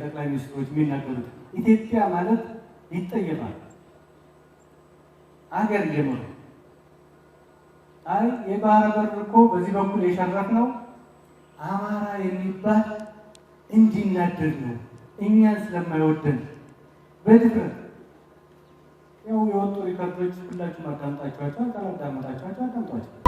ጠቅላይ ሚኒስትሮች የሚናገሩት ኢትዮጵያ ማለት ይጠየፋል አገር የምሩ አይ የባህር በር እኮ በዚህ በኩል የሸረፍ ነው አማራ የሚባል እንዲናደድ ነው እኛን ስለማይወደን በድፍረት ያው የወጡ ሪከርዶች ሁላችሁም አዳምጣችኋቸው ካላዳመጣችኋቸው አዳምጧቸው።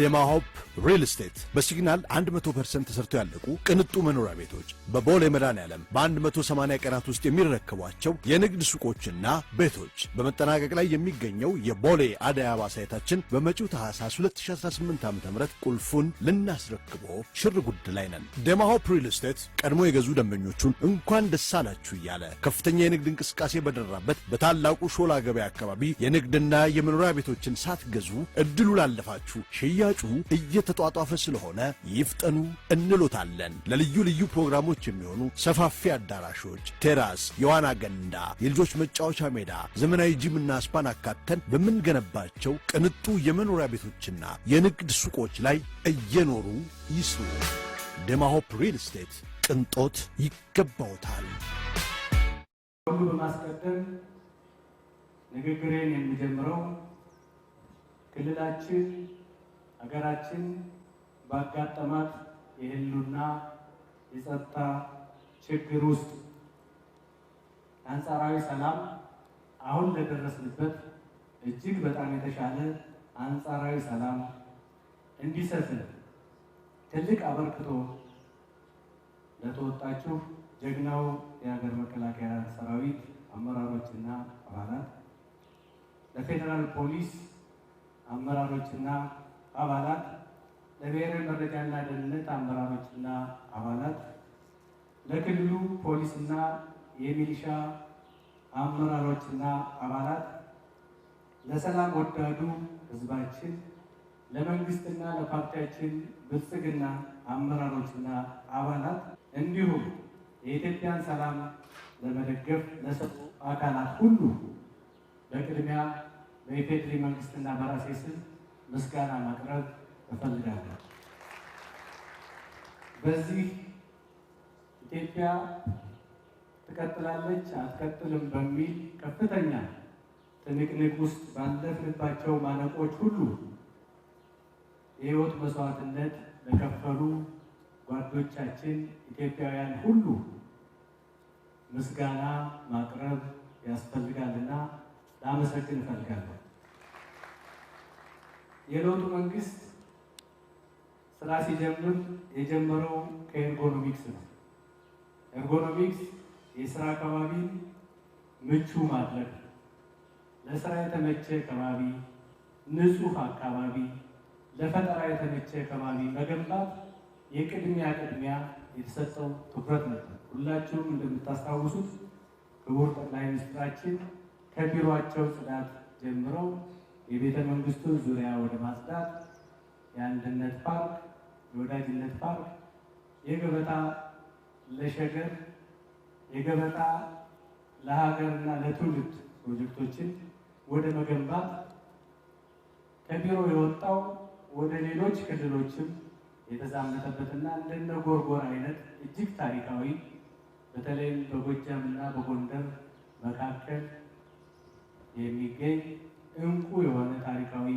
ደማሆፕ ሪል ስቴት በሲግናል 100 ፐርሰንት ተሰርቶ ያለቁ ቅንጡ መኖሪያ ቤቶች በቦሌ ያለም በ180 ቀናት ውስጥ የሚረከቧቸው የንግድ ሱቆችና ቤቶች በመጠናቀቅ ላይ የሚገኘው የቦሌ አደይ አበባ ሳይታችን በመጪው ታህሳስ 2018 ዓ ም ቁልፉን ልናስረክቦ ሽር ጉድ ላይ ነን። ደማሆፕ ሪል ስቴት ቀድሞ የገዙ ደንበኞቹን እንኳን ደስ አላችሁ እያለ ከፍተኛ የንግድ እንቅስቃሴ በደራበት በታላቁ ሾላ ገበያ አካባቢ የንግድና የመኖሪያ ቤቶችን ሳትገዙ እድሉ ላለፋችሁ ሽያ ሽያጩ እየተጧጧፈ ስለሆነ ይፍጠኑ እንሎታለን። ለልዩ ልዩ ፕሮግራሞች የሚሆኑ ሰፋፊ አዳራሾች፣ ቴራስ፣ የዋና ገንዳ፣ የልጆች መጫወቻ ሜዳ፣ ዘመናዊ ጂምና ስፓን አካተን በምንገነባቸው ቅንጡ የመኖሪያ ቤቶችና የንግድ ሱቆች ላይ እየኖሩ ይስሩ። ደማሆፕ ሪል ስቴት ቅንጦት ይገባውታል። ሁሉ በማስቀደም ንግግሬን የሚጀምረው ክልላችን ሀገራችን ባጋጠማት የህሉና የጸጥታ ችግር ውስጥ አንጻራዊ ሰላም አሁን ለደረስንበት እጅግ በጣም የተሻለ አንጻራዊ ሰላም እንዲሰፍን ትልቅ አበርክቶ ለተወጣችሁ ጀግናው የሀገር መከላከያ ሰራዊት አመራሮችና አባላት፣ ለፌዴራል ፖሊስ አመራሮችና አባላት፣ ለብሔራዊ መረጃና ደህንነት አመራሮችና አባላት፣ ለክልሉ ፖሊስና የሚሊሻ አመራሮችና አባላት፣ ለሰላም ወዳዱ ህዝባችን፣ ለመንግስትና ለፓርቲያችን ብልጽግና አመራሮችና አባላት እንዲሁም የኢትዮጵያን ሰላም ለመደገፍ ለሰጡ አካላት ሁሉ በቅድሚያ በኢፌዴሪ መንግስትና በራሴ ስም ምስጋና ማቅረብ እፈልጋለሁ። በዚህ ኢትዮጵያ ትቀጥላለች አትቀጥልም በሚል ከፍተኛ ትንቅንቅ ውስጥ ባለፍንባቸው ማነቆች ሁሉ የህይወት መስዋዕትነት ለከፈሉ ጓዶቻችን ኢትዮጵያውያን ሁሉ ምስጋና ማቅረብ ያስፈልጋልና ላመሰግን እፈልጋለሁ። የለውጡ መንግስት ስራ ሲጀምር የጀመረው ከኤርጎኖሚክስ ነው። ኤርጎኖሚክስ የስራ አካባቢ ምቹ ማድረግ፣ ለስራ የተመቸ ከባቢ፣ ንጹህ አካባቢ፣ ለፈጠራ የተመቸ ከባቢ መገንባት የቅድሚያ ቅድሚያ የተሰጠው ትኩረት ነበር። ሁላችሁም እንደምታስታውሱት ክቡር ጠቅላይ ሚኒስትራችን ከቢሮአቸው ጽዳት ጀምረው የቤተ መንግስቱ ዙሪያ ወደ ማጽዳት፣ የአንድነት ፓርክ፣ የወዳጅነት ፓርክ፣ የገበታ ለሸገር፣ የገበታ ለሀገርና ለትውልድ ፕሮጀክቶችን ወደ መገንባት ከቢሮ የወጣው ወደ ሌሎች ክልሎችም የተዛመተበትና እንደነ ጎርጎር አይነት እጅግ ታሪካዊ በተለይም በጎጃም እና በጎንደር መካከል የሚገኝ እንቁ የሆነ ታሪካዊ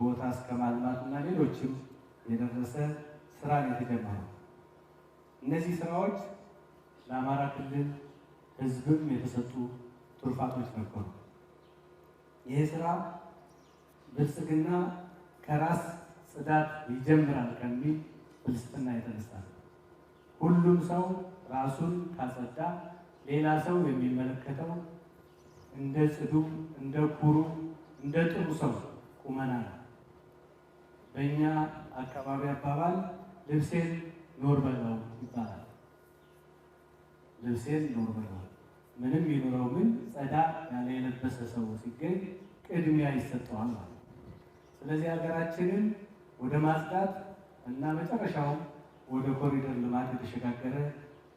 ቦታ እስከ ማልማት እና ሌሎችም የደረሰ ስራ ነው የተጀመረው። እነዚህ ስራዎች ለአማራ ክልል ህዝብም የተሰጡ ቱርፋቶች ነበሩ። ይህ ስራ ብልጽግና ከራስ ጽዳት ይጀምራል ከሚል ብልስጥና የተነሳ ሁሉም ሰው ራሱን ካጸዳ ሌላ ሰው የሚመለከተው እንደ ጽዱ እንደ ኩሩ እንደ ጥሩ ሰው ቁመና ነው። በእኛ አካባቢ አባባል ልብሴን ኖር በለው ይባላል። ልብሴን ኖር በለው ምንም ይኖረው ምን ጸዳ ያለ የለበሰ ሰው ሲገኝ ቅድሚያ ይሰጠዋል ማለት ነው። ስለዚህ ሀገራችንን ወደ ማጽዳት እና መጨረሻው ወደ ኮሪደር ልማት የተሸጋገረ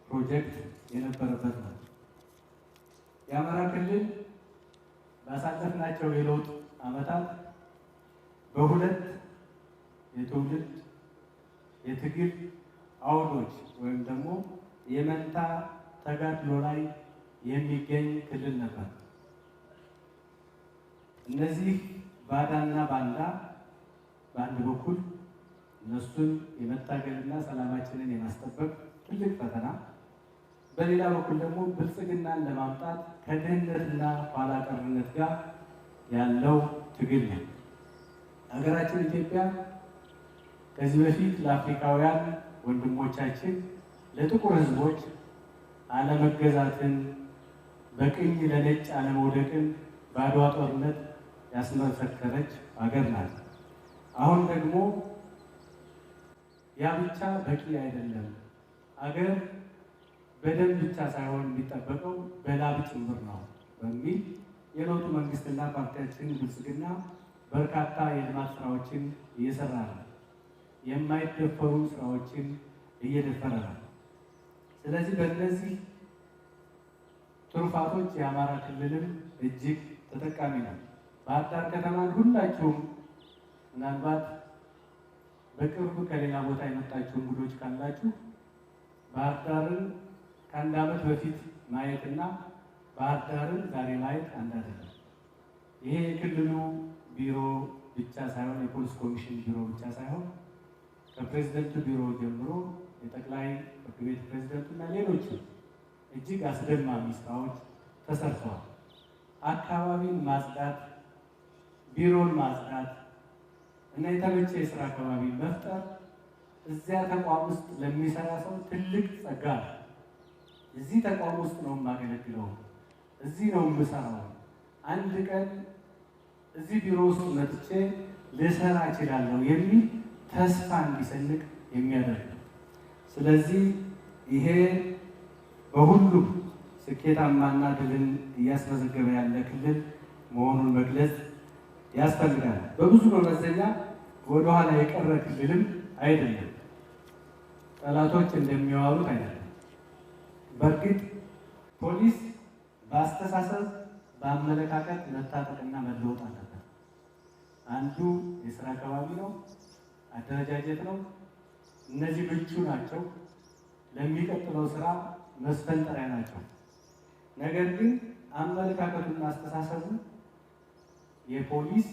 ፕሮጀክት የነበረበት ነው የአማራ ክልል ባሳለፍናቸው የለውጥ ዓመታት በሁለት የትውልድ የትግል አውዶች ወይም ደግሞ የመንታ ተጋድሎ ላይ የሚገኝ ክልል ነበር። እነዚህ ባዳና ባንዳ በአንድ በኩል እነሱን የመታገልና ሰላማችንን የማስጠበቅ ትልቅ ፈተና በሌላ በኩል ደግሞ ብልጽግናን ለማምጣት ከድህነትና ኋላቀርነት ጋር ያለው ትግል ነው። ሀገራችን ኢትዮጵያ ከዚህ በፊት ለአፍሪካውያን ወንድሞቻችን ለጥቁር ሕዝቦች አለመገዛትን በቅኝ ለነጭ አለመውደቅን በአድዋ ጦርነት ያስመሰከረች ሀገር ናት። አሁን ደግሞ ያ ብቻ በቂ አይደለም አገር በደም ብቻ ሳይሆን የሚጠበቀው በላብ ጭምር ነው በሚል የለውጡ መንግስትና ፓርቲያችን ብልጽግና በርካታ የልማት ስራዎችን እየሰራ ነው። የማይደፈሩ ስራዎችን እየደፈረ ነው። ስለዚህ በእነዚህ ትሩፋቶች የአማራ ክልልም እጅግ ተጠቃሚ ነው። ባህር ዳር ከተማን ሁላችሁም ምናልባት በቅርብ ከሌላ ቦታ የመጣችሁ እንግዶች ካላችሁ ባህር ዳርን ከአንድ ዓመት በፊት ማየትና ባህር ዳርን ዛሬ ማየት አንድ አይደለም። ይሄ የክልሉ ቢሮ ብቻ ሳይሆን የፖሊስ ኮሚሽን ቢሮ ብቻ ሳይሆን ከፕሬዝደንቱ ቢሮ ጀምሮ የጠቅላይ ፍርድ ቤት ፕሬዝደንቱና ሌሎች እጅግ አስደማሚ ስራዎች ተሰርተዋል። አካባቢን ማጽዳት፣ ቢሮን ማጽዳት እና የተመቸ የስራ አካባቢ መፍጠር እዚያ ተቋም ውስጥ ለሚሰራ ሰው ትልቅ ጸጋ ነው። እዚህ ተቋም ውስጥ ነው የማገለግለው፣ እዚህ ነው የምሰራው። አንድ ቀን እዚህ ቢሮ ውስጥ መጥቼ ልሰራ እችላለሁ የሚል ተስፋ እንዲሰንቅ የሚያደርግ ነው። ስለዚህ ይሄ በሁሉም ስኬታማና ድልን እያስመዘገበ ያለ ክልል መሆኑን መግለጽ ያስፈልጋል። በብዙ መመዘኛ ወደኋላ የቀረ ክልልም አይደለም። ጠላቶች እንደሚዋሉት አይደለም። በእርግጥ ፖሊስ በአስተሳሰብ በአመለካከት መታጠቅና መለወጥ አለበት። አንዱ የስራ አካባቢ ነው፣ አደረጃጀት ነው። እነዚህ ምቹ ናቸው፣ ለሚቀጥለው ስራ መስፈንጠሪያ ናቸው። ነገር ግን አመለካከቱና አስተሳሰቡ የፖሊስ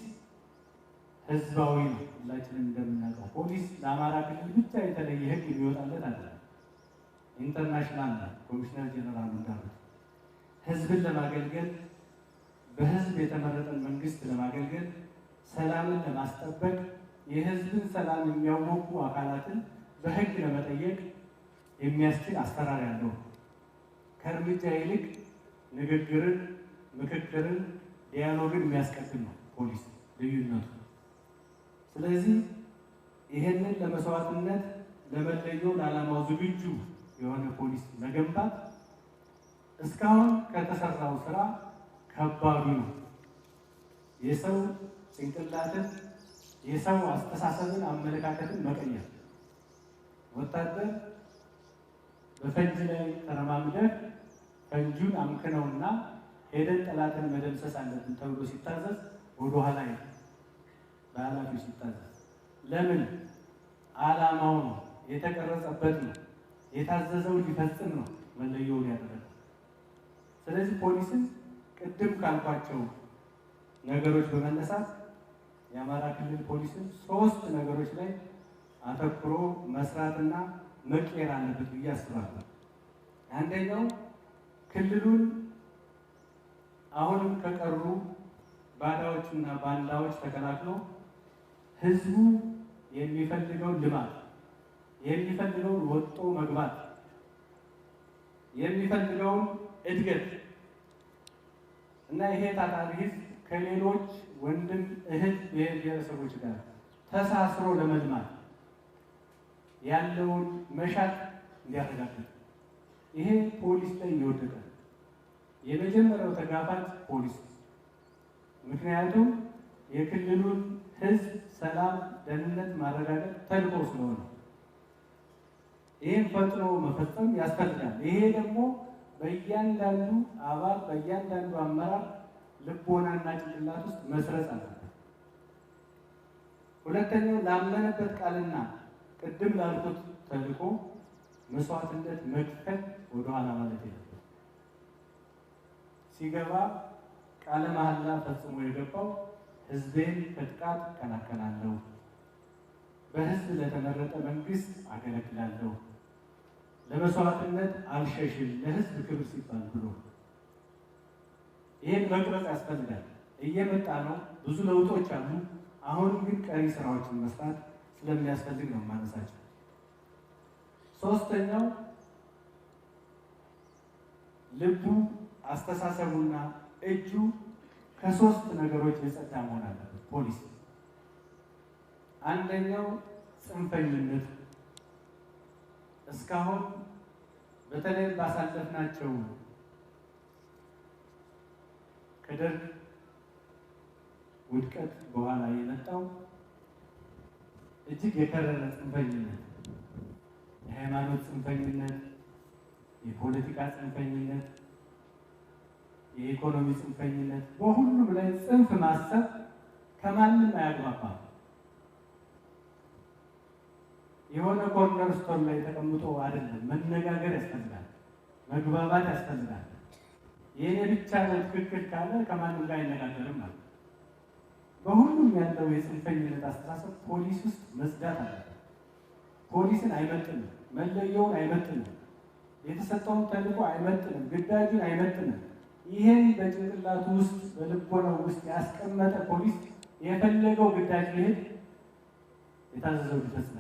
ህዝባዊ ነው። ሁላችንም እንደምናውቀው ፖሊስ ለአማራ ክልል ብቻ የተለየ ህግ የሚወጣለት አለ ኢንተርናሽናል ናት። ኮሚሽነር ጀነራል እንዳሉት ህዝብን ለማገልገል በህዝብ የተመረጠን መንግስት ለማገልገል ሰላምን ለማስጠበቅ የህዝብን ሰላም የሚያወቁ አካላትን በህግ ለመጠየቅ የሚያስችል አሰራር ያለው ከእርምጃ ይልቅ ንግግርን፣ ምክክርን፣ ዲያሎግን የሚያስቀድም ነው ፖሊስ ልዩነቱ። ስለዚህ ይህንን ለመስዋዕትነት ለመለየው ለዓላማው ዝግጁ የሆነ ፖሊስ መገንባት እስካሁን ከተሰራው ስራ ከባዱ ነው። የሰው ጭንቅላትን የሰው አስተሳሰብን አመለካከትን መቀየር ወታደር በፈንጅ ላይ ተረማምደህ ፈንጁን አምክነውና ሄደን ጠላትን መደምሰስ አለብን ተብሎ ሲታዘዝ ወደኋላ ይ በኃላፊው ሲታዘዝ ለምን አላማው ነው የተቀረጸበት ነው። የታዘዘው ሊፈጽም ነው መለየውን ያደረገው። ስለዚህ ፖሊስን ቅድም ካልኳቸው ነገሮች በመነሳት የአማራ ክልል ፖሊስን ሶስት ነገሮች ላይ አተኩሮ መስራትና መቀየር አለበት ብዬ አስባለሁ። አንደኛው ክልሉን አሁንም ከቀሩ ባዳዎችና ባንዳዎች ተከላክሎ ህዝቡ የሚፈልገው ልማት የሚፈልገውን ወጥቶ መግባት የሚፈልገውን እድገት እና ይሄ ታታሪ ህዝብ ከሌሎች ወንድም እህት ብሔር ብሔረሰቦች ጋር ተሳስሮ ለመልማት ያለውን መሻት እንዲያረጋግጥ ይሄ ፖሊስ ላይ ይወደቃል። የመጀመሪያው ተጋፋጭ ፖሊስ፣ ምክንያቱም የክልሉን ህዝብ ሰላም፣ ደህንነት ማረጋገጥ ተልዕኮ ስለሆነ ይህን ፈጥኖ መፈጸም ያስፈልጋል። ይሄ ደግሞ በእያንዳንዱ አባል በእያንዳንዱ አመራር ልቦናና ጭንቅላት ውስጥ መስረጽ አለበት። ሁለተኛው ላመነበት ቃልና ቅድም ላልኩት ተልዕኮ መስዋዕትነት መክፈል ወደኋላ ማለት የለም። ሲገባ ቃለ መሐላ ፈጽሞ የገባው ህዝቤን ከጥቃት እከላከላለሁ፣ በህዝብ ለተመረጠ መንግስት አገለግላለሁ ለመስዋዕትነት አልሸሽም ለህዝብ ክብር ሲባል ብሎ ይህን መቅረጽ ያስፈልጋል። እየመጣ ነው፣ ብዙ ለውጦች አሉ። አሁንም ግን ቀሪ ስራዎችን መስራት ስለሚያስፈልግ ነው ማነሳቸው። ሶስተኛው ልቡ አስተሳሰቡና እጁ ከሶስት ነገሮች የጸዳ መሆን አለበት። ፖሊስ አንደኛው ጽንፈኝነት እስካሁን በተለይም ባሳለፍናቸው ከደርግ ውድቀት በኋላ የመጣው እጅግ የከረረ ጽንፈኝነት፣ የሃይማኖት ጽንፈኝነት፣ የፖለቲካ ጽንፈኝነት፣ የኢኮኖሚ ጽንፈኝነት፣ በሁሉም ላይ ጽንፍ ማሰብ ከማንም አያግባባም። የሆነ ኮርነርስቶን ላይ ተቀምጦ አይደለም። መነጋገር ያስፈልጋል፣ መግባባት ያስፈልጋል። የእኔ ብቻ ነው ትክክል ካለ ከማንም ጋር አይነጋገርም ማለት በሁሉም ያለው የጽንፈኝነት አስተሳሰብ ፖሊስ ውስጥ መጽዳት አለ። ፖሊስን አይመጥንም፣ መለየውን አይመጥንም፣ የተሰጠውን ተልዕኮ አይመጥንም፣ ግዳጁን አይመጥንም። ይሄን በጭንቅላቱ ውስጥ በልቦናው ውስጥ ያስቀመጠ ፖሊስ የፈለገው ግዳጅ ሊሄድ የታዘዘው ሊፈጽም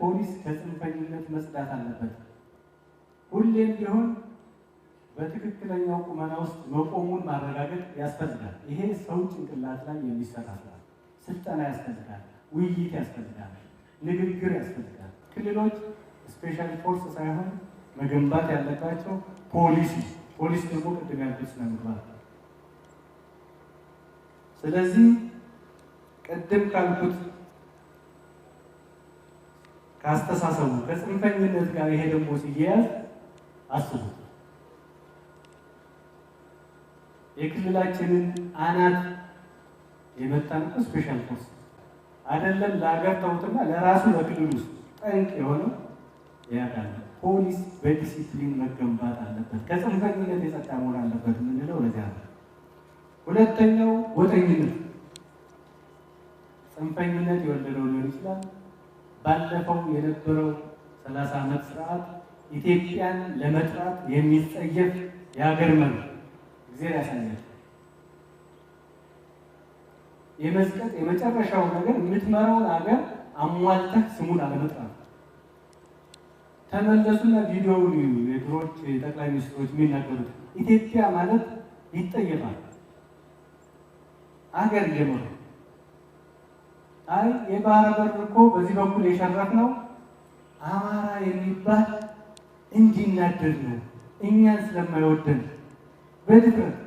ፖሊስ ከጽንፈኝነት መጽዳት አለበት። ሁሌም ቢሆን በትክክለኛው ቁመና ውስጥ መቆሙን ማረጋገጥ ያስፈልጋል። ይሄ ሰው ጭንቅላት ላይ የሚሰራ ስልጠና ያስፈልጋል፣ ውይይት ያስፈልጋል፣ ንግግር ያስፈልጋል። ክልሎች ስፔሻል ፎርስ ሳይሆን መገንባት ያለባቸው ፖሊሲ፣ ፖሊስ ደግሞ ቅድም ያልኩት ስነ ምግባር። ስለዚህ ቅድም ካልኩት ከአስተሳሰቡ ከጽንፈኝነት ጋር ይሄ ደግሞ ሲያያዝ አስቡ። የክልላችንን አናት የመጣን ስፔሻል ፎርስ አይደለም። ለሀገር ተውትና ለራሱ ለክልል ውስጥ ጠንቅ የሆነ ያዳለ ፖሊስ በዲሲፕሊን መገንባት አለበት። ከጽንፈኝነት የጸጣ መሆን አለበት የምንለው ለዚያ ነው። ሁለተኛው ወጠኝነት ጽንፈኝነት የወለደው ሊሆን ይችላል ባለፈው የነበረው ሰላሳ ዓመት ስርዓት ኢትዮጵያን ለመጥራት የሚጸየፍ የሀገር መሪ እግዜር ያሳያል። የመዝቀጥ የመጨረሻው ነገር የምትመራውን ሀገር አሟልተህ ስሙን አለመጥራት። ተመለሱና ቪዲዮውን የድሮች ጠቅላይ ሚኒስትሮች የሚናገሩት ኢትዮጵያ ማለት ይጠየፋል አገር የመሩ አይ የባህር በር እኮ በዚህ በኩል የሸረፍ ነው አማራ የሚባል እንዲናደድ ነው እኛን ስለማይወደን በድፍረት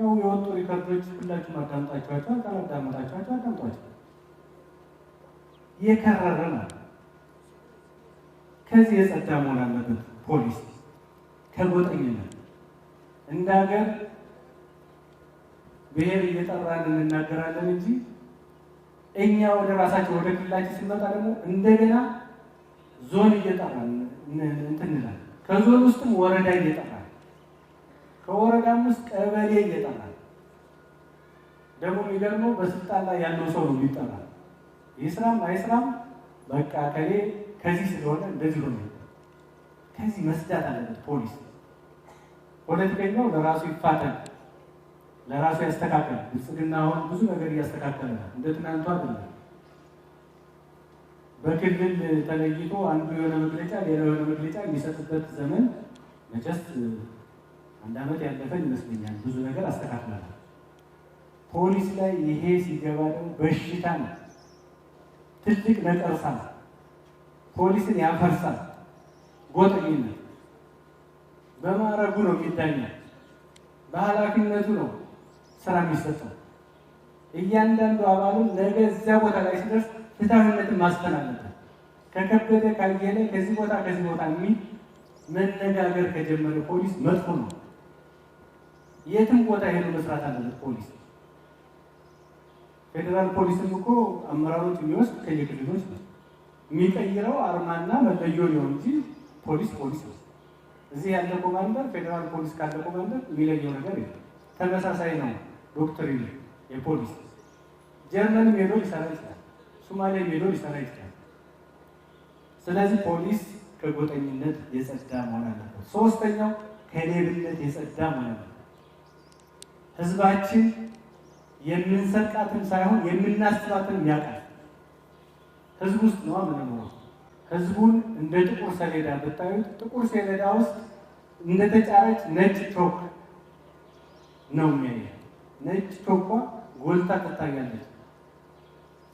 ያው የወጡ ሪከርዶች ሁላችሁም አዳምጣችኋቸው ካላዳመጣችኋቸው አዳምጧቸው። የከረረ ነው። ከዚህ የጸዳ መሆን አለበት ፖሊስ ከጎጠኝነት እንደ ሀገር ብሔር እየጠራን እንናገራለን እንጂ እኛ ወደ ራሳችን ወደ ክልላችን ስንመጣ ደግሞ እንደገና ዞን እየጠራን እንትንላል። ከዞን ውስጥም ወረዳ እየጠራን ከወረዳም ውስጥ ቀበሌ እየጠራን ደግሞ የሚገርመው በስልጣን ላይ ያለው ሰው ነው የሚጠራ። ይስራም አይስራም በቃ ከሌ ከዚህ ስለሆነ እንደዚህ ሆነ። ከዚህ መስዳት አለበት ፖሊስ። ፖለቲከኛው ለራሱ ይፋታል። ለራሱ ያስተካከል። ብልጽግና አሁን ብዙ ነገር እያስተካከለ ነው፣ እንደ ትናንቱ አይደለም። በክልል ተለይቶ አንዱ የሆነ መግለጫ ሌላ የሆነ መግለጫ የሚሰጥበት ዘመን መቼስ አንድ ዓመት ያለፈን ይመስለኛል። ብዙ ነገር አስተካክላል። ፖሊስ ላይ ይሄ ሲገባ ደግሞ በሽታ ነው፣ ትልቅ ነቀርሳ ነው፣ ፖሊስን ያፈርሳል። ጎጠኝነት በማዕረጉ ነው የሚዳኛል፣ በኃላፊነቱ ነው ስራ የሚሰጠው እያንዳንዱ አባል ነገ እዚያ ቦታ ላይ ሲደርስ ፍትሐዊነትን ማስፈን ከከበደ ካየለ ከዚህ ቦታ ከዚህ ቦታ የሚል መነጋገር ከጀመረ ፖሊስ መጥፎ ነው። የትም ቦታ ሄዶ መስራት አለበት ፖሊስ። ፌዴራል ፖሊስም እኮ አመራሮች የሚወስድ ከየክልሎች ነው የሚቀይረው አርማና መለዮ ነው እንጂ ፖሊስ ፖሊስ ነው። እዚህ ያለ ኮማንደር ፌዴራል ፖሊስ ካለ ኮማንደር የሚለየው ነገር ተመሳሳይ ነው። ዶክተር ይለ የፖሊስ ጀርመንም ሄዶ ሊሰራ ይችላል፣ ሶማሊያም ሄዶ ሊሰራ ይችላል። ስለዚህ ፖሊስ ከጎጠኝነት የጸዳ መሆን አለበት። ሶስተኛው ከሌብነት የጸዳ መሆን አለበት። ህዝባችን የምንሰርቃትን ሳይሆን የምናስባትን ያውቃል። ህዝብ ውስጥ ነዋ ምንኖረ ህዝቡን እንደ ጥቁር ሰሌዳ ብታዩት ጥቁር ሰሌዳ ውስጥ እንደተጫረች ነጭ ቾክ ነው የሚያየው። ነጭ ቾኳ ጎልታ ትታያለች።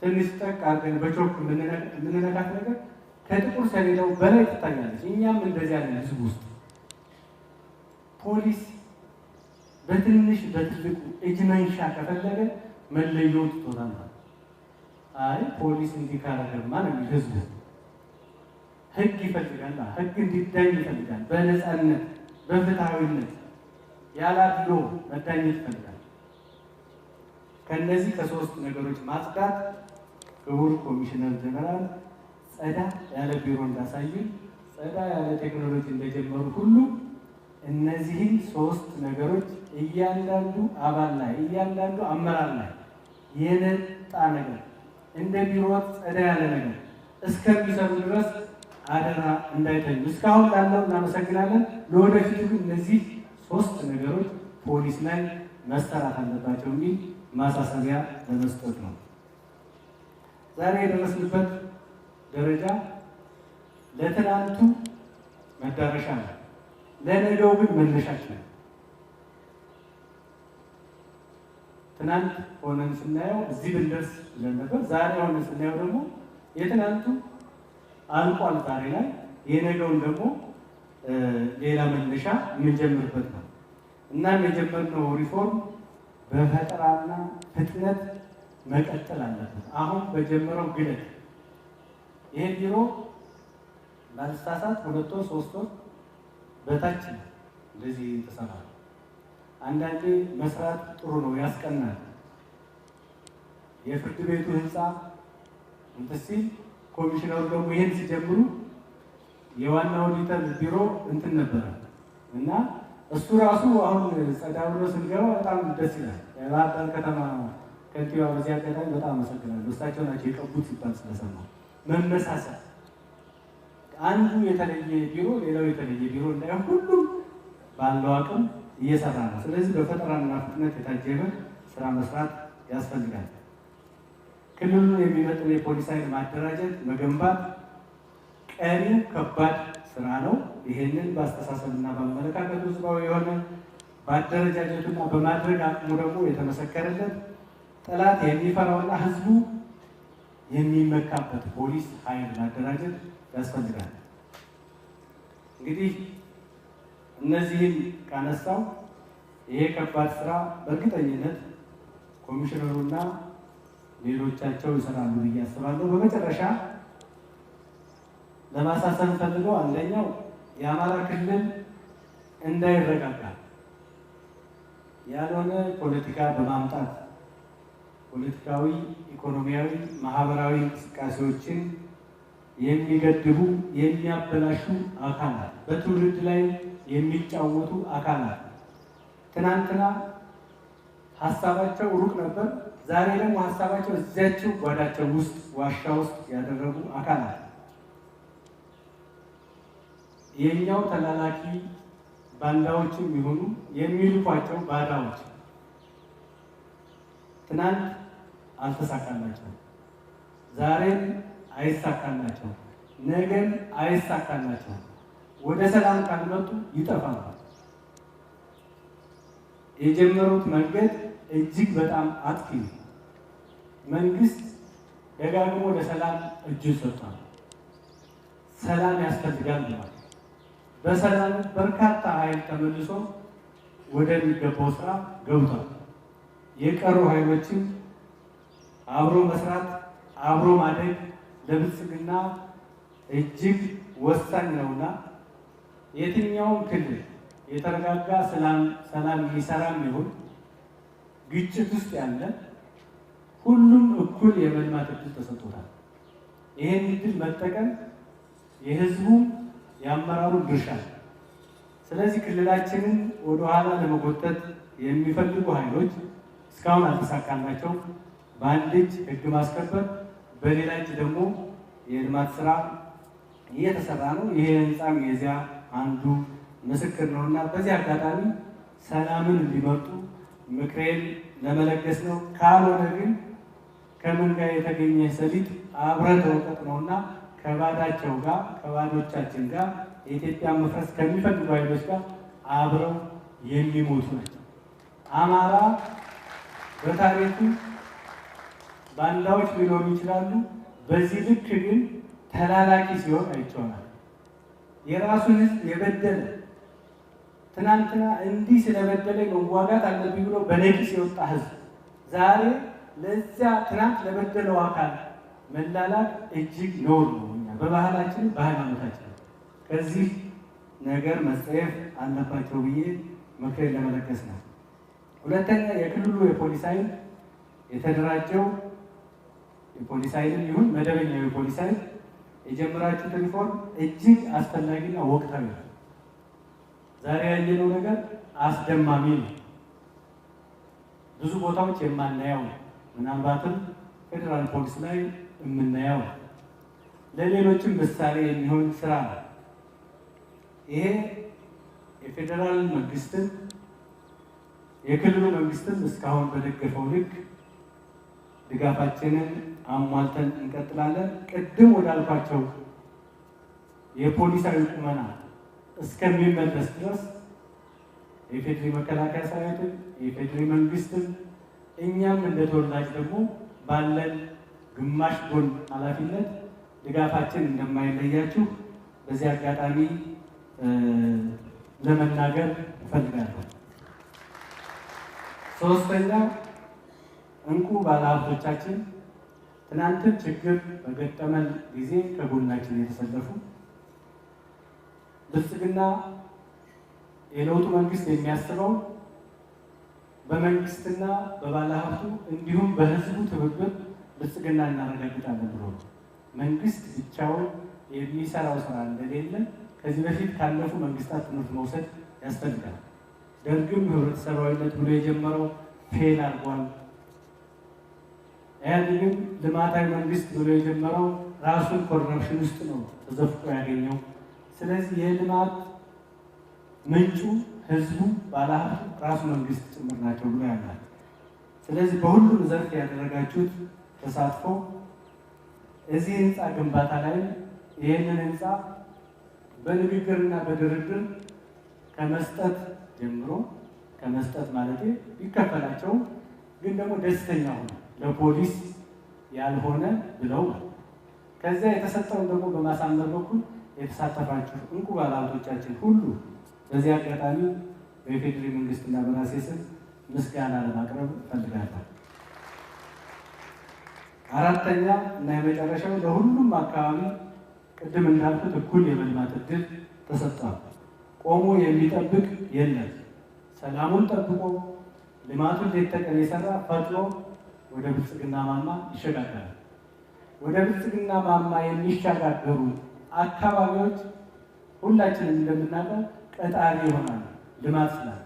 ትንሽ ጠቅ አድርገን በቾክ የምንነካት ነገር ከጥቁር ሰሌዳው በላይ ትታያለች። እኛም እንደዚያ ያለ ህዝብ ውስጥ ፖሊስ በትንሽ በትልቁ እጅ መንሻ ከፈለገ መለየው ትቶታል። አይ ፖሊስ እንዲህ ካረገማ ነው የሚል ህዝቡ ህግ ይፈልጋል። ህግ እንዲዳኝ ይፈልጋል። በነፃነት በፍትሐዊነት ያላድሎ መዳኘት ይፈልጋል። ከእነዚህ ከሶስት ነገሮች ማጽዳት ክቡር ኮሚሽነር ጀነራል ጸዳ ያለ ቢሮ እንዳሳዩን ጸዳ ያለ ቴክኖሎጂ እንደጀመሩ ሁሉ እነዚህን ሶስት ነገሮች እያንዳንዱ አባል ላይ እያንዳንዱ አመራር ላይ የነጣ ነገር እንደ ቢሮ ጸዳ ያለ ነገር እስከሚሰሩ ድረስ አደራ እንዳይተኙ። እስካሁን ላለው እናመሰግናለን። ለወደፊቱ ግን እነዚህ ሶስት ነገሮች ፖሊስ ላይ መሰራት አለባቸው የሚል ማሳሰቢያ ለመስጠት ነው። ዛሬ የደረስንበት ደረጃ ለትናንቱ መዳረሻ ነው፣ ለነገው ግን መነሻች ነው። ትናንት ሆነን ስናየው እዚህ ብንደርስ ነበር። ዛሬ ሆነን ስናየው ደግሞ የትናንቱ አልቋል ዛሬ ላይ፣ የነገውን ደግሞ ሌላ መነሻ የምንጀምርበት ነው። እናም የጀመርነው ሪፎርም በፈጠራና ፍጥነት መቀጠል አለበት። አሁን በጀመረው ግለት ይህ ቢሮ ባልሳሳት ሁለት ወር ሶስት ወር በታች እንደዚህ ተሰራ። አንዳንዴ መስራት ጥሩ ነው፣ ያስቀናል። የፍርድ ቤቱ ህንፃ እንትን ሲል ኮሚሽነሩ ደግሞ ይህን ሲጀምሩ የዋና ኦዲተር ቢሮ እንትን ነበረ እና እሱ ራሱ አሁን ጸዳ ብሎ ስንገባ በጣም ደስ ይላል። የባህር ዳር ከተማ ከንቲባ በዚህ አጋጣሚ በጣም አመሰግናለሁ። እሳቸው ናቸው የቀቡት ሲባል ስለሰማ መመሳሰል፣ አንዱ የተለየ ቢሮ ሌላው የተለየ ቢሮ እንዳይሆን ሁሉም ባለው አቅም እየሰራ ነው። ስለዚህ በፈጠራና ፍጥነት የታጀበ ስራ መስራት ያስፈልጋል። ክልሉ የሚመጥን የፖሊስ ኃይል ማደራጀት፣ መገንባት ቀሪው ከባድ ስራ ነው። ይህንን በአስተሳሰብና በአመለካከቱ ህዝባዊ የሆነ በአደረጃጀቱና በማድረግ አቅሙ ደግሞ የተመሰከረለት ጠላት የሚፈራውና ህዝቡ የሚመካበት ፖሊስ ኃይል ማደራጀት ያስፈልጋል። እንግዲህ እነዚህን ካነሳው ይሄ ከባድ ስራ በእርግጠኝነት ኮሚሽነሩና ሌሎቻቸው ይሰራሉ ብዬ አስባለሁ። በመጨረሻ ለማሳሰብ ፈልገው አንደኛው የአማራ ክልል እንዳይረጋጋ ያልሆነ ፖለቲካ በማምጣት ፖለቲካዊ፣ ኢኮኖሚያዊ፣ ማህበራዊ እንቅስቃሴዎችን የሚገድቡ የሚያበላሹ አካላት በትውልድ ላይ የሚጫወቱ አካላት ትናንትና ሀሳባቸው ሩቅ ነበር። ዛሬ ደግሞ ሀሳባቸው እዚያቸው ጓዳቸው ውስጥ ዋሻ ውስጥ ያደረጉ አካላት የኛው ተላላኪ ባንዳዎች የሚሆኑ የሚልኳቸው ባዳዎች ትናንት አልተሳካላቸው፣ ዛሬም አይሳካላቸው፣ ነገም አይሳካላቸው። ወደ ሰላም ካልመጡ ይጠፋሉ። የጀመሩት መንገድ እጅግ በጣም አጥፊ ነው። መንግስት ደጋግሞ ለሰላም እጁን ሰጥቷል። ሰላም ያስፈልጋል ብሏል። በሰላም በርካታ ኃይል ተመልሶ ወደሚገባው ስራ ገብቷል። የቀሩ ኃይሎችን አብሮ መስራት፣ አብሮ ማደግ ለብልጽግና እጅግ ወሳኝ ነውና የትኛውም ክልል የተረጋጋ ሰላም የሚሰራም ይሁን ግጭት ውስጥ ያለ ሁሉም እኩል የመልማት እድል ተሰጥቶታል። ይህን እድል መጠቀም የህዝቡም የአመራሩ ድርሻ። ስለዚህ ክልላችንን ወደኋላ ለመጎተት የሚፈልጉ ኃይሎች እስካሁን አልተሳካላቸው። በአንድ እጅ ህግ ማስከበር፣ በሌላ እጅ ደግሞ የልማት ስራ እየተሰራ ነው። ይሄ ህንፃም የዚያ አንዱ ምስክር ነው እና በዚህ አጋጣሚ ሰላምን እንዲመርጡ ምክሬን ለመለገስ ነው። ካልሆነ ግን ከምን ጋር የተገኘ ሰሊጥ አብረህ ነው ነውና ከባዳቸው ጋር ከባዶቻችን ጋር የኢትዮጵያ መፍረስ ከሚፈልጉ ኃይሎች ጋር አብረው የሚሞቱ ናቸው። አማራ በታሪኩ ባንዳዎች ሊኖሩ ይችላሉ። በዚህ ልክ ግን ተላላኪ ሲሆን አይቸውናል። የራሱን ሕዝብ የበደለ ትናንትና እንዲህ ስለበደለ መዋጋት አለብኝ ብሎ በነቂስ የወጣ ሕዝብ ዛሬ ለዚያ ትናንት ለበደለው አካል መላላት እጅግ ነውር ነው። በባህላችን በሃይማኖታችን ከዚህ ነገር መጸየፍ አለባቸው ብዬ ምክሬን ለመለገስ ነው። ሁለተኛ የክልሉ የፖሊስ ኃይል የተደራጀው የፖሊስ ኃይልን ይሁን መደበኛው የፖሊስ ኃይል የጀመራችሁት ሪፎርም እጅግ አስፈላጊና ወቅታዊ ነው። ዛሬ ያየነው ነገር አስደማሚ ነው። ብዙ ቦታዎች የማናየው ምናልባትም ፌዴራል ፖሊስ ላይ የምናየው ለሌሎችም ምሳሌ የሚሆን ስራ ነው። ይሄ የፌዴራል መንግስትን የክልሉ መንግስትም እስካሁን በደገፈው ልክ ድጋፋችንን አሟልተን እንቀጥላለን። ቅድም ወዳልኳቸው የፖሊሳዊ ቁመና እስከሚመለስ ድረስ የፌድሪ መከላከያ ሰራዊትን የፌድሪ መንግስትን እኛም እንደ ተወላጅ ደግሞ ባለን ግማሽ ጎን ኃላፊነት ድጋፋችን እንደማይለያችሁ በዚህ አጋጣሚ ለመናገር እፈልጋለሁ። ሶስተኛ እንቁ ባለሀብቶቻችን ትናንትን ችግር በገጠመን ጊዜ ከጎናችን የተሰለፉ ብልጽግና የለውጡ መንግስት የሚያስበው በመንግስትና በባለሀብቱ እንዲሁም በህዝቡ ትብብር ብልጽግና እናረጋግጣለን ብሎ መንግስት ብቻውን የሚሰራው ስራ እንደሌለ ከዚህ በፊት ካለፉ መንግስታት ትምህርት መውሰድ ያስፈልጋል። ደርግም ህብረተሰባዊነት ብሎ የጀመረው ፌል አድርጓል። ኢህአዴግም ልማታዊ መንግስት ብሎ የጀመረው ራሱን ኮረፕሽን ውስጥ ነው ተዘፍቆ ያገኘው። ስለዚህ የልማት ምንጩ ህዝቡ፣ ባለሀብቱ፣ ራሱ መንግስት ጭምር ናቸው ብሎ ያምናል። ስለዚህ በሁሉም ዘርፍ ያደረጋችሁት ተሳትፎ እዚህ ህንፃ ግንባታ ላይ ይህንን ህንፃ በንግግርና በድርድር ከመስጠት ጀምሮ ከመስጠት ማለት ቢከፈላቸው ግን ደግሞ ደስተኛ ሆነ ለፖሊስ ያልሆነ ብለው ከዚያ የተሰጠውን ደግሞ በማሳመር በኩል የተሳተፋችሁ እንቁ ባለሀብቶቻችን ሁሉ በዚህ አጋጣሚ በኢፌዴሪ መንግስትና በራሴ ስም ምስጋና ለማቅረብ እፈልጋለሁ። አራተኛ እና የመጨረሻው ለሁሉም አካባቢ ቅድም እንዳልኩት እኩል የመልማት እድል ተሰጥቷል። ቆሞ የሚጠብቅ የለም። ሰላሙን ጠብቆ ልማቱን ሌት ተቀን የሰራ ፈጥኖ ወደ ብልጽግና ማማ ይሸጋገራል። ወደ ብልጽግና ማማ የሚሸጋገሩ አካባቢዎች ሁላችንም እንደምናውቀው ቀጣሪ ይሆናል ልማት ስላለ።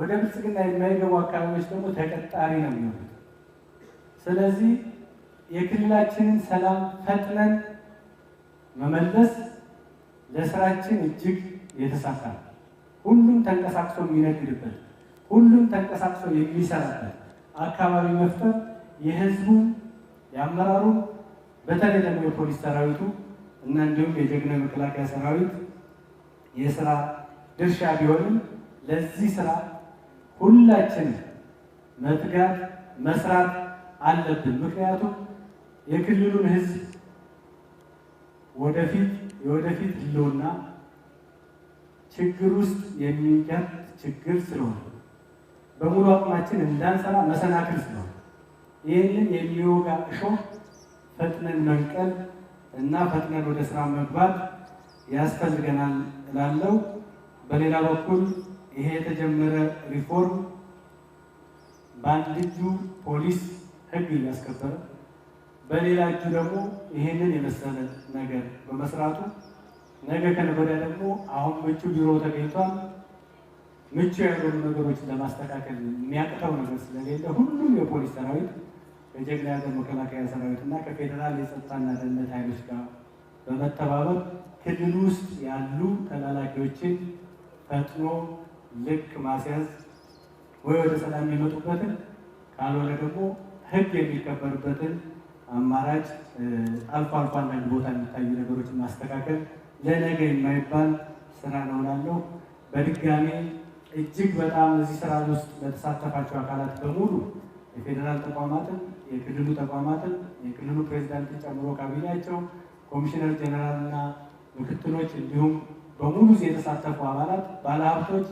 ወደ ብልጽግና የማይገቡ አካባቢዎች ደግሞ ተቀጣሪ ነው የሚሆኑት። ስለዚህ የክልላችንን ሰላም ፈጥነን መመለስ ለስራችን እጅግ የተሳካ ሁሉም ተንቀሳቅሶ የሚነግድበት ሁሉም ተንቀሳቅሶ የሚሰራበት አካባቢ መፍጠር የህዝቡን የአመራሩን በተለይ ደግሞ የፖሊስ ሰራዊቱ እና እንዲሁም የጀግና መከላከያ ሰራዊት የስራ ድርሻ ቢሆንም ለዚህ ስራ ሁላችን መትጋት መስራት አለብን። ምክንያቱም የክልሉን ህዝብ ወደፊት የወደፊት ህልውና ችግር ውስጥ የሚገጥ ችግር ስለሆነ በሙሉ አቅማችን እንዳንሰራ መሰናክል ስለሆነ ይህንን የሚወጋ እሾህ ፈጥነን መንቀል እና ፈጥነን ወደ ስራ መግባት ያስፈልገናል እላለሁ። በሌላ በኩል ይሄ የተጀመረ ሪፎርም በአንድ እጁ ፖሊስ ህግ እያስከበረ በሌላ እጁ ደግሞ ይሄንን የመሰለ ነገር በመስራቱ ነገ ከነገ ደግሞ አሁን ምቹ ቢሮ ተገኝቷል። ምቹ ያልሆኑ ነገሮችን ለማስተካከል የሚያቅተው ነገር ስለሌለ ሁሉም የፖሊስ ሰራዊት ከጀግና ሀገር መከላከያ ሰራዊት እና ከፌዴራል የጸጥታና ደህንነት ኃይሎች ጋር በመተባበር ክልል ውስጥ ያሉ ተላላኪዎችን ፈጥኖ ልክ ማስያዝ ወይ ወደ ሰላም የሚመጡበትን ካልሆነ ደግሞ ሕግ የሚከበርበትን አማራጭ አልፎ አልፎ አንዳንድ ቦታ የሚታዩ ነገሮችን ማስተካከል ለነገ የማይባል ስራ ነው እላለሁ። በድጋሜ እጅግ በጣም እዚህ ስራ ውስጥ ለተሳተፋቸው አካላት በሙሉ የፌዴራል ተቋማትን፣ የክልሉ ተቋማትን፣ የክልሉ ፕሬዚዳንትን ጨምሮ ካቢኔያቸው፣ ኮሚሽነር ጀነራል እና ምክትሎች እንዲሁም በሙሉ የተሳተፉ አባላት፣ ባለሀብቶች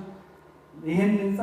ይህን ህንፃ